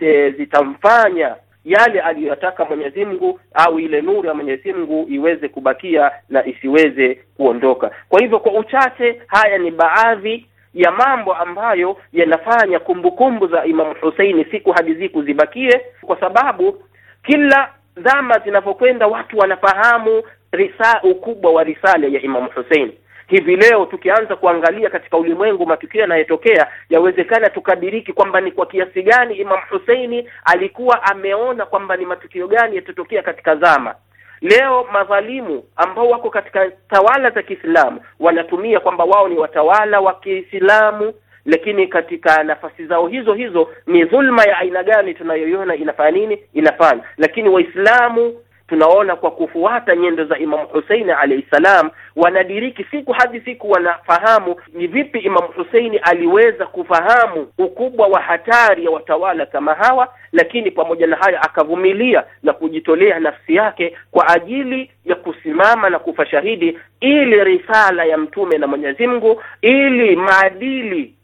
e, zitamfanya yale aliyoyataka Mwenyezi Mungu au ile nuru ya Mwenyezi Mungu iweze kubakia na isiweze kuondoka. Kwa hivyo, kwa uchache, haya ni baadhi ya mambo ambayo yanafanya kumbukumbu za Imamu Huseini siku hadi siku zibakie, kwa sababu kila zama zinavyokwenda watu wanafahamu risa ukubwa wa risala ya Imamu Hussein hivi leo tukianza kuangalia katika ulimwengu matukio yanayotokea yawezekana tukadiriki kwamba ni kwa kiasi gani Imam Huseini alikuwa ameona kwamba ni matukio gani yatatokea katika zama leo madhalimu ambao wako katika tawala za Kiislamu wanatumia kwamba wao ni watawala wa Kiislamu lakini katika nafasi zao hizo hizo ni dhulma ya aina gani tunayoiona inafanya nini inafanya lakini waislamu tunaona kwa kufuata nyendo za Imam Huseini alayhi ssalam wanadiriki siku hadi siku, wanafahamu ni vipi Imam Huseini aliweza kufahamu ukubwa wa hatari ya watawala kama hawa, lakini pamoja na hayo akavumilia na kujitolea nafsi yake kwa ajili ya kusimama na kufa shahidi ili risala ya mtume na Mwenyezi Mungu, ili maadili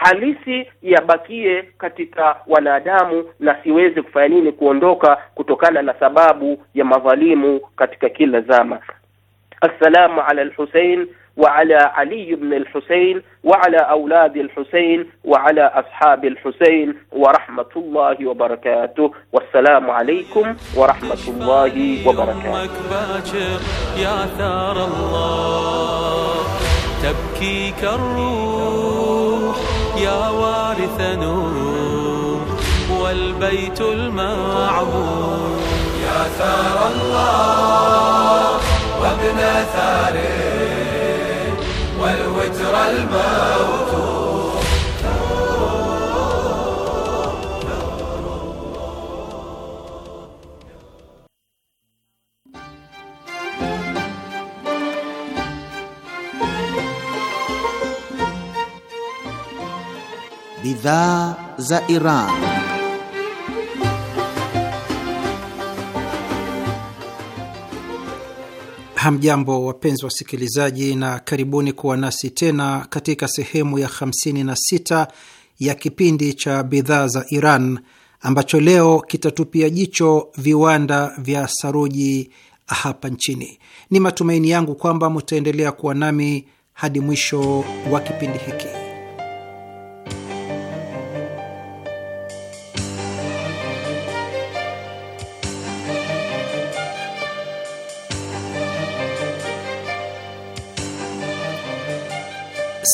halisi yabakie katika wanadamu na siweze kufanya nini kuondoka kutokana na sababu ya madhalimu katika kila zama assalamu ala alhusein وعلى علي بن الحسين وعلى أولاد الحسين وعلى أصحاب الحسين ورحمة الله وبركاته والسلام عليكم ورحمة الله وبركاته يا ثار الله تبكي كالروح يا وارث نور والبيت المعمور يا ثار الله وابن ثار والوتر الموتور bidhaa za Iran. Hamjambo, wapenzi wasikilizaji, na karibuni kuwa nasi tena katika sehemu ya 56 ya kipindi cha bidhaa za Iran ambacho leo kitatupia jicho viwanda vya saruji hapa nchini. Ni matumaini yangu kwamba mutaendelea kuwa nami hadi mwisho wa kipindi hiki.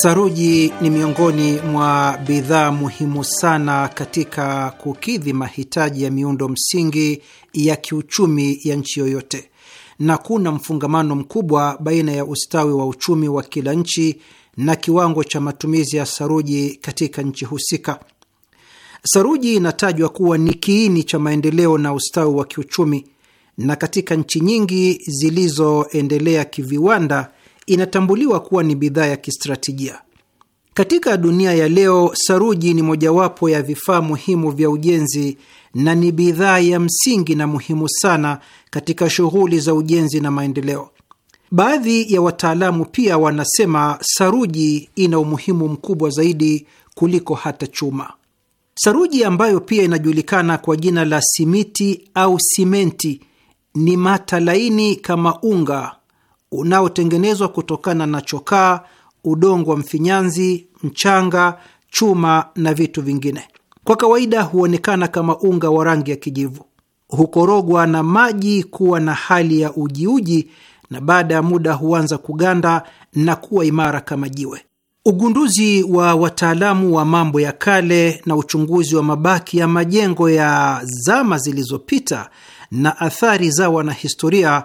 Saruji ni miongoni mwa bidhaa muhimu sana katika kukidhi mahitaji ya miundo msingi ya kiuchumi ya nchi yoyote, na kuna mfungamano mkubwa baina ya ustawi wa uchumi wa kila nchi na kiwango cha matumizi ya saruji katika nchi husika. Saruji inatajwa kuwa ni kiini cha maendeleo na ustawi wa kiuchumi, na katika nchi nyingi zilizoendelea kiviwanda inatambuliwa kuwa ni bidhaa ya kistratejia. Katika dunia ya leo, saruji ni mojawapo ya vifaa muhimu vya ujenzi na ni bidhaa ya msingi na muhimu sana katika shughuli za ujenzi na maendeleo. Baadhi ya wataalamu pia wanasema saruji ina umuhimu mkubwa zaidi kuliko hata chuma. Saruji ambayo pia inajulikana kwa jina la simiti au simenti ni mata laini kama unga unaotengenezwa kutokana na chokaa, udongo wa mfinyanzi, mchanga, chuma na vitu vingine. Kwa kawaida huonekana kama unga wa rangi ya kijivu, hukorogwa na maji kuwa na hali ya ujiuji, na baada ya muda huanza kuganda na kuwa imara kama jiwe. Ugunduzi wa wataalamu wa mambo ya kale na uchunguzi wa mabaki ya majengo ya zama zilizopita na athari za wanahistoria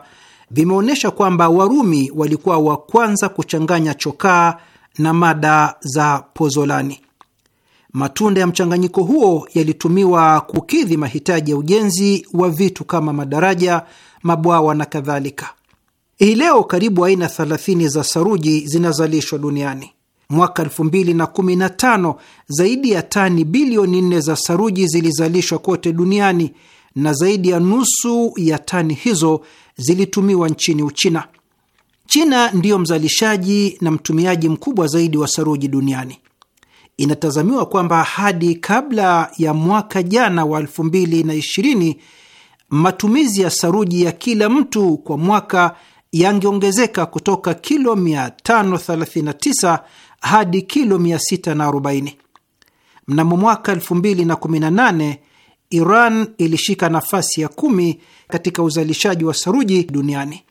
vimeonyesha kwamba Warumi walikuwa wa kwanza kuchanganya chokaa na mada za pozolani. Matunda ya mchanganyiko huo yalitumiwa kukidhi mahitaji ya ujenzi wa vitu kama madaraja, mabwawa na kadhalika. Hii leo karibu aina 30 za saruji zinazalishwa duniani. Mwaka 2015 zaidi ya tani bilioni 4 za saruji zilizalishwa kote duniani na zaidi ya nusu ya tani hizo zilitumiwa nchini Uchina. China ndiyo mzalishaji na mtumiaji mkubwa zaidi wa saruji duniani. Inatazamiwa kwamba hadi kabla ya mwaka jana wa 2020 matumizi ya saruji ya kila mtu kwa mwaka yangeongezeka kutoka kilo 539 hadi kilo 640. Mnamo mwaka 2018 Iran ilishika nafasi ya kumi katika uzalishaji wa saruji duniani.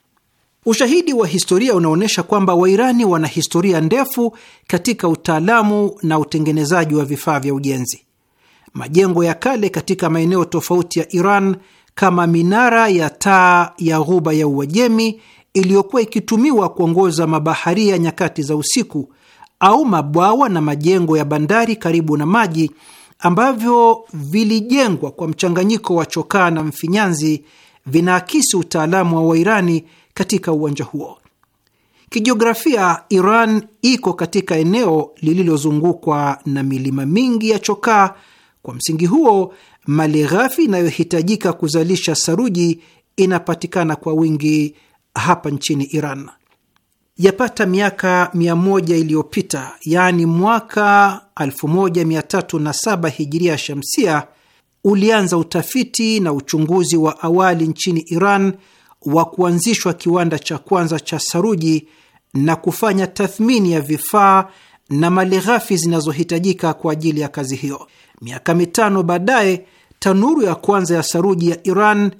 Ushahidi wa historia unaonyesha kwamba Wairani wana historia ndefu katika utaalamu na utengenezaji wa vifaa vya ujenzi. Majengo ya kale katika maeneo tofauti ya Iran kama minara ya taa ya Ghuba ya Uajemi iliyokuwa ikitumiwa kuongoza mabaharia nyakati za usiku, au mabwawa na majengo ya bandari karibu na maji ambavyo vilijengwa kwa mchanganyiko wa chokaa na mfinyanzi vinaakisi utaalamu wa Wairani katika uwanja huo. Kijiografia, Iran iko katika eneo lililozungukwa na milima mingi ya chokaa. Kwa msingi huo, mali ghafi inayohitajika kuzalisha saruji inapatikana kwa wingi hapa nchini Iran yapata miaka mia moja iliyopita, yaani mwaka 1307 hijiria shamsia, ulianza utafiti na uchunguzi wa awali nchini Iran wa kuanzishwa kiwanda cha kwanza cha saruji na kufanya tathmini ya vifaa na malighafi zinazohitajika kwa ajili ya kazi hiyo. Miaka mitano baadaye, tanuru ya kwanza ya saruji ya Iran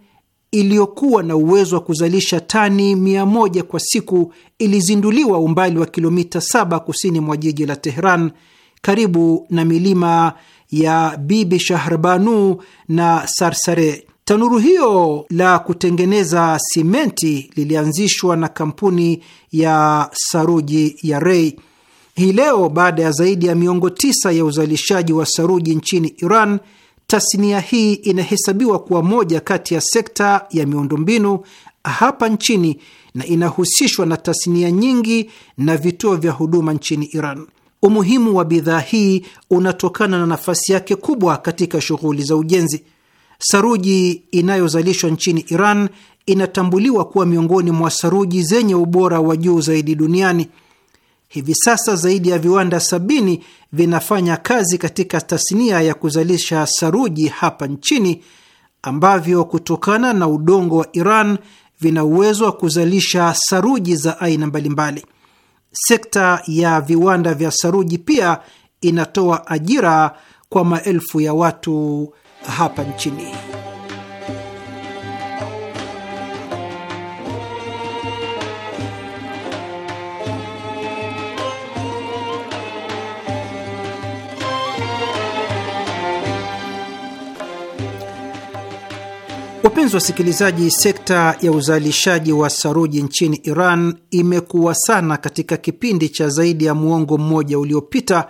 iliyokuwa na uwezo wa kuzalisha tani 100 kwa siku ilizinduliwa umbali wa kilomita 7 kusini mwa jiji la Tehran, karibu na milima ya Bibi Shahrbanu na Sarsare. Tanuru hiyo la kutengeneza simenti lilianzishwa na kampuni ya saruji ya Rei. Hii leo baada ya zaidi ya miongo tisa ya uzalishaji wa saruji nchini Iran tasnia hii inahesabiwa kuwa moja kati ya sekta ya miundombinu hapa nchini na inahusishwa na tasnia nyingi na vituo vya huduma nchini Iran. Umuhimu wa bidhaa hii unatokana na nafasi yake kubwa katika shughuli za ujenzi. Saruji inayozalishwa nchini Iran inatambuliwa kuwa miongoni mwa saruji zenye ubora wa juu zaidi duniani. Hivi sasa zaidi ya viwanda sabini vinafanya kazi katika tasnia ya kuzalisha saruji hapa nchini ambavyo kutokana na udongo wa Iran vina uwezo wa kuzalisha saruji za aina mbalimbali. Sekta ya viwanda vya saruji pia inatoa ajira kwa maelfu ya watu hapa nchini. Wapenzi wasikilizaji, sekta ya uzalishaji wa saruji nchini Iran imekuwa sana katika kipindi cha zaidi ya muongo mmoja uliopita,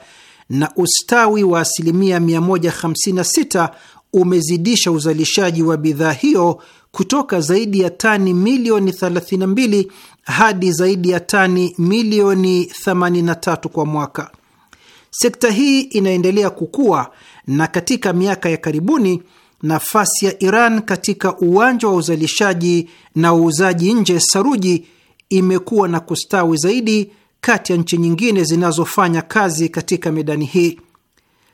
na ustawi wa asilimia 156 umezidisha uzalishaji wa bidhaa hiyo kutoka zaidi ya tani milioni 32 hadi zaidi ya tani milioni 83 kwa mwaka. Sekta hii inaendelea kukua na katika miaka ya karibuni nafasi ya Iran katika uwanja wa uzalishaji na uuzaji nje saruji imekuwa na kustawi zaidi kati ya nchi nyingine zinazofanya kazi katika medani hii.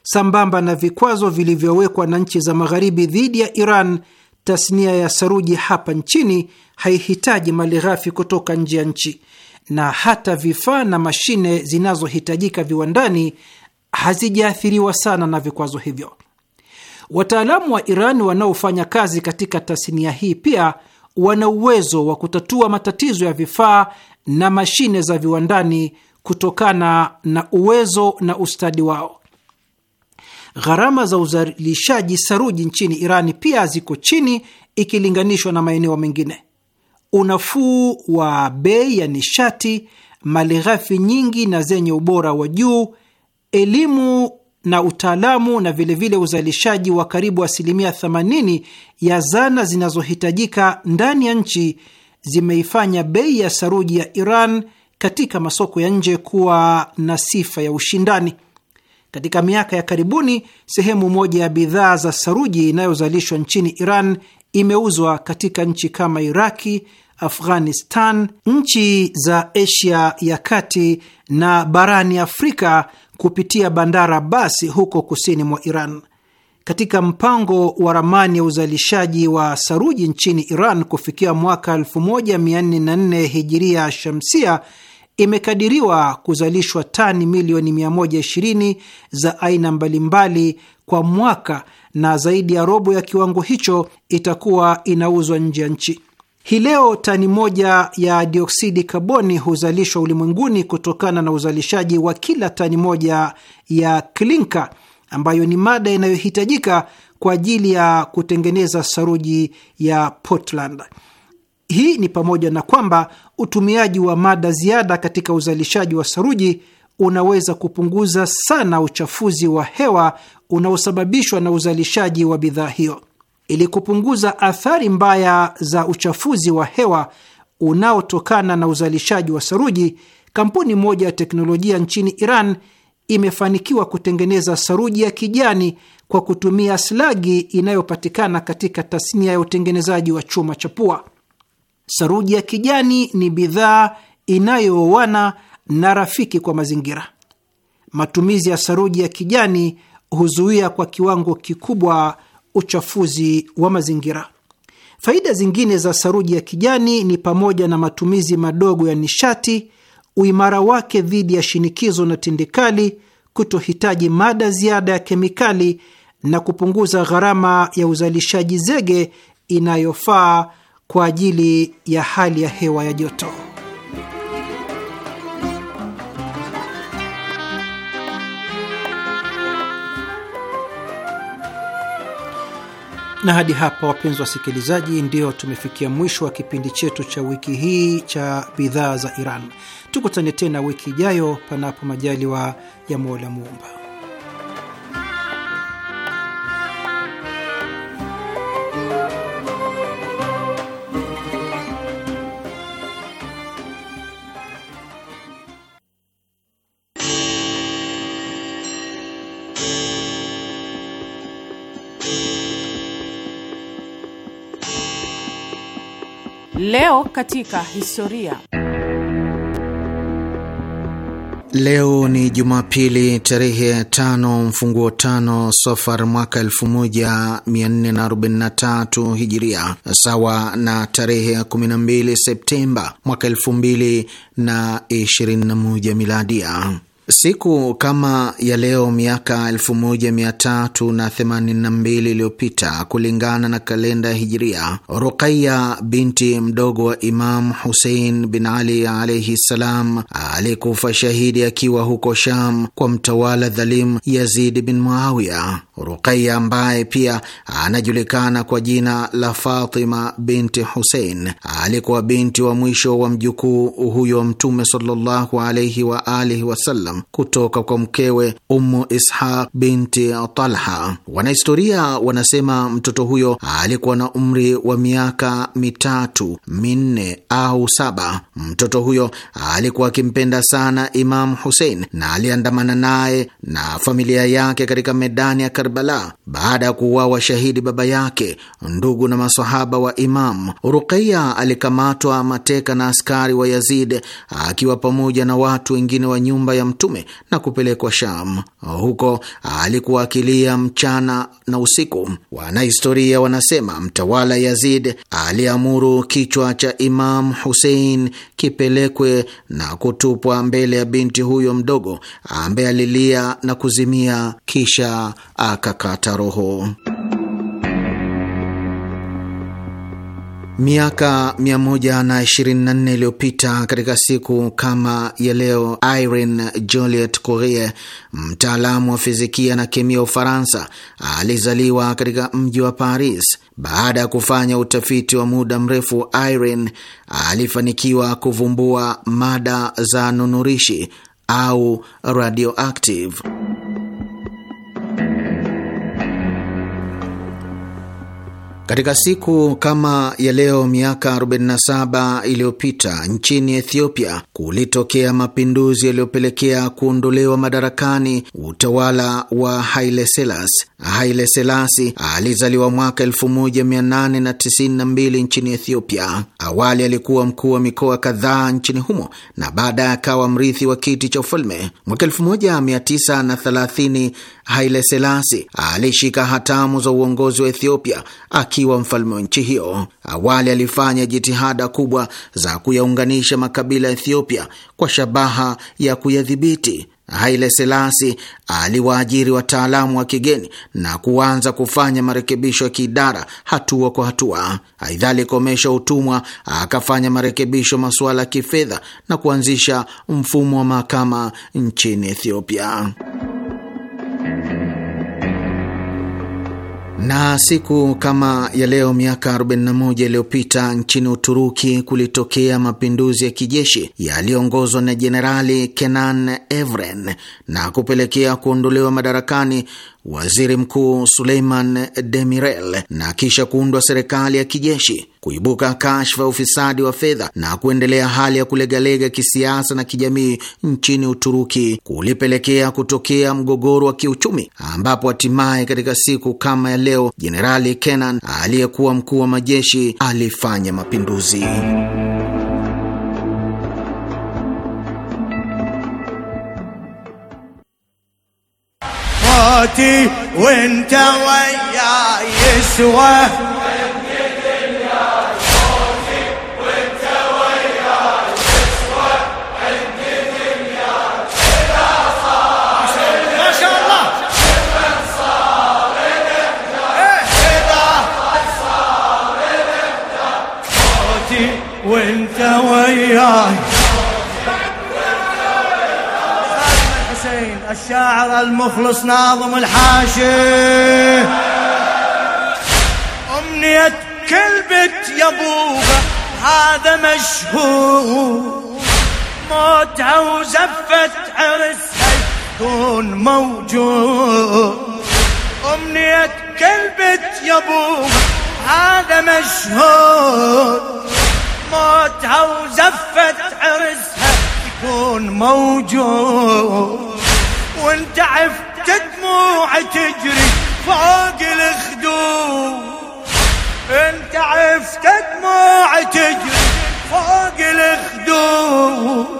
Sambamba na vikwazo vilivyowekwa na nchi za Magharibi dhidi ya Iran, tasnia ya saruji hapa nchini haihitaji mali ghafi kutoka nje ya nchi, na hata vifaa na mashine zinazohitajika viwandani hazijaathiriwa sana na vikwazo hivyo. Wataalamu wa Iran wanaofanya kazi katika tasnia hii pia wana uwezo wa kutatua matatizo ya vifaa na mashine za viwandani kutokana na uwezo na ustadi wao. Gharama za uzalishaji saruji nchini Irani pia ziko chini ikilinganishwa na maeneo mengine. Unafuu wa bei ya nishati, malighafi nyingi na zenye ubora wa juu, elimu na utaalamu na vilevile vile uzalishaji wa karibu asilimia 80 ya zana zinazohitajika ndani ya nchi zimeifanya bei ya saruji ya Iran katika masoko ya nje kuwa na sifa ya ushindani. Katika miaka ya karibuni, sehemu moja ya bidhaa za saruji inayozalishwa nchini Iran imeuzwa katika nchi kama Iraki, Afghanistan, nchi za Asia ya kati na barani Afrika kupitia bandara basi huko kusini mwa Iran. Katika mpango wa ramani ya uzalishaji wa saruji nchini Iran kufikia mwaka 1404 hijiria shamsia, imekadiriwa kuzalishwa tani milioni 120 za aina mbalimbali kwa mwaka, na zaidi ya robo ya kiwango hicho itakuwa inauzwa nje ya nchi. Hii leo tani moja ya dioksidi kaboni huzalishwa ulimwenguni kutokana na uzalishaji wa kila tani moja ya klinka, ambayo ni mada inayohitajika kwa ajili ya kutengeneza saruji ya Portland. Hii ni pamoja na kwamba utumiaji wa mada ziada katika uzalishaji wa saruji unaweza kupunguza sana uchafuzi wa hewa unaosababishwa na uzalishaji wa bidhaa hiyo ili kupunguza athari mbaya za uchafuzi wa hewa unaotokana na uzalishaji wa saruji, kampuni moja ya teknolojia nchini Iran imefanikiwa kutengeneza saruji ya kijani kwa kutumia slagi inayopatikana katika tasnia ya utengenezaji wa chuma cha pua. Saruji ya kijani ni bidhaa inayooana na rafiki kwa mazingira. Matumizi ya saruji ya kijani huzuia kwa kiwango kikubwa uchafuzi wa mazingira. Faida zingine za saruji ya kijani ni pamoja na matumizi madogo ya nishati, uimara wake dhidi ya shinikizo na tindikali, kutohitaji mada ziada ya kemikali na kupunguza gharama ya uzalishaji zege inayofaa kwa ajili ya hali ya hewa ya joto. Na hadi hapa, wapenzi wasikilizaji, ndio tumefikia mwisho wa kipindi chetu cha wiki hii cha bidhaa za Iran. Tukutane tena wiki ijayo, panapo majaliwa ya Mola Muumba. Leo katika historia. Leo ni Jumapili tarehe ya tano mfunguo tano sofar mwaka 1443 Hijiria, sawa na tarehe ya 12 Septemba mwaka 2021 Miladia. Siku kama ya leo miaka 1382 iliyopita kulingana na kalenda ya Hijiria, Ruqaya binti mdogo wa Imam Husein bin Ali alaihi ssalam alikufa shahidi akiwa huko Sham kwa mtawala dhalim Yazid bin Muawiya. Ruqaya ambaye pia anajulikana kwa jina la Fatima binti Husein alikuwa binti wa mwisho wa mjukuu huyo wa Mtume sallallahu alaihi wa alihi wasallam kutoka kwa mkewe Ummu Ishaq binti Talha. Wanahistoria wanasema mtoto huyo alikuwa na umri wa miaka mitatu, minne au saba. Mtoto huyo alikuwa akimpenda sana Imamu Husein na aliandamana naye na familia yake katika medani ya Karbala baada ya kuuawa shahidi baba yake, ndugu na masahaba wa Imam. Ruqaya alikamatwa mateka na askari wa Yazid akiwa pamoja na watu wengine wa nyumba ya Mtume na kupelekwa Sham. Huko alikuwa akilia mchana na usiku. Wanahistoria wanasema mtawala Yazid aliamuru kichwa cha Imam Husein kipelekwe na kutupwa mbele ya binti huyo mdogo ambaye alilia na kuzimia kisha a akakata roho. Miaka 124 iliyopita katika siku kama ya leo, Irene Joliot Curie, mtaalamu wa fizikia na kemia wa Ufaransa, alizaliwa katika mji wa Paris. Baada ya kufanya utafiti wa muda mrefu, Irene alifanikiwa kuvumbua mada za nunurishi au radioactive. Katika siku kama ya leo miaka 47 iliyopita nchini Ethiopia kulitokea mapinduzi yaliyopelekea kuondolewa madarakani utawala wa Haile Selassie. Haile Selassie alizaliwa mwaka 1892 nchini Ethiopia. Awali alikuwa mkuu wa mikoa kadhaa nchini humo na baadaye akawa mrithi wa kiti cha ufalme. Mwaka 1930 Haile Selassie alishika hatamu za uongozi wa Ethiopia akiwa mfalme wa nchi hiyo. Awali alifanya jitihada kubwa za kuyaunganisha makabila ya Ethiopia kwa shabaha ya kuyadhibiti. Haile Selasi aliwaajiri wataalamu wa kigeni na kuanza kufanya marekebisho ya kiidara hatua kwa hatua. Aidha, alikomesha utumwa, akafanya marekebisho masuala ya kifedha na kuanzisha mfumo wa mahakama nchini Ethiopia. Na siku kama ya leo miaka 41 iliyopita nchini Uturuki kulitokea mapinduzi ya kijeshi yaliyoongozwa na Jenerali Kenan Evren na kupelekea kuondolewa madarakani waziri mkuu Suleiman Demirel na kisha kuundwa serikali ya kijeshi kuibuka kashfa ya ufisadi wa fedha na kuendelea hali ya kulegalega kisiasa na kijamii nchini Uturuki kulipelekea kutokea mgogoro wa kiuchumi, ambapo hatimaye katika siku kama ya leo Jenerali Kenan aliyekuwa mkuu wa majeshi alifanya mapinduzi. وياي الحسين الشاعر المخلص ناظم الحاشي أمنية كلبة يا بوبا هذا مشهور موتها وزفة عرسها يكون موجود أمنية كلبة يا بوبا هذا مشهور موتها وزفت عرسها يكون موجود وانت عفت دموع تجري فوق الخدود انت عفت دموع تجري فوق الخدود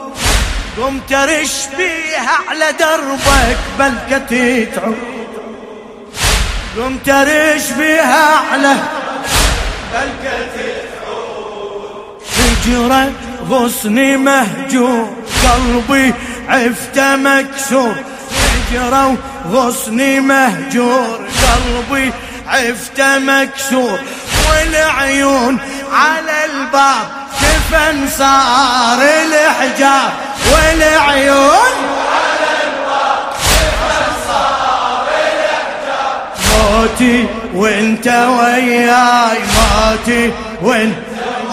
قم ترش بيها على دربك بلكة تعود قم ترش بيها على بلكة هجرة غصني مهجور قلبي عفته مكسور هجرة غصني مهجور قلبي عفته مكسور والعيون على الباب تفن صار الحجاب والعيون على الباب صار موتي وانت وياي ماتي وانت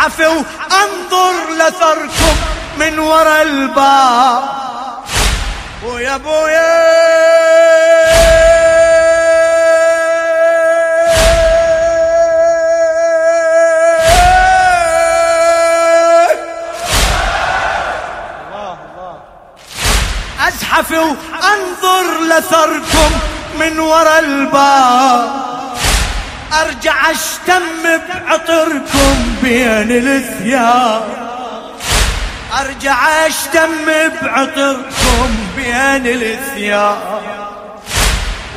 مصحفي وانظر لثركم من ورا الباب ويا بويا ازحف وانظر لثركم من ورا الباب ارجع اشتم بعطركم بين الثياب ارجع اشتم بعطركم بين الثياب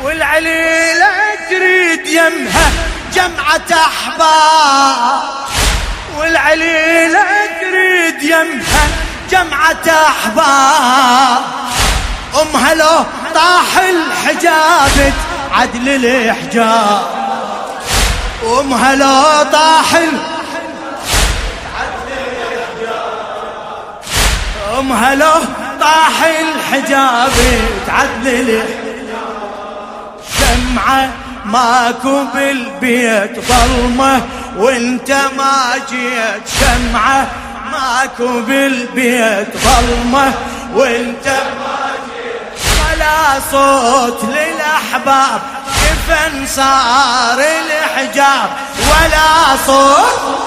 والعليلة تريد يمها جمعة احباب والعليلة تريد يمها جمعة احباب امها لو طاح الحجاب عدل الحجاب وامها لو طاحل امها لو طاح الحجاب تعدل شمعة ماكو بالبيت ظلمة وانت ما جيت شمعة ماكو بالبيت ظلمة وانت ما جيت ولا صوت للأحباب فانصار الحجاب ولا صوت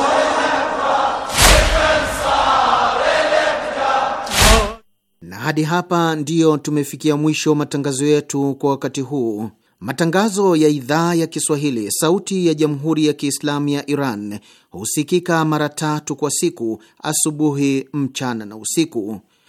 na hadi hapa ndiyo tumefikia mwisho matangazo yetu kwa wakati huu. Matangazo ya idhaa ya Kiswahili sauti ya jamhuri ya Kiislamu ya Iran husikika mara tatu kwa siku: asubuhi, mchana na usiku.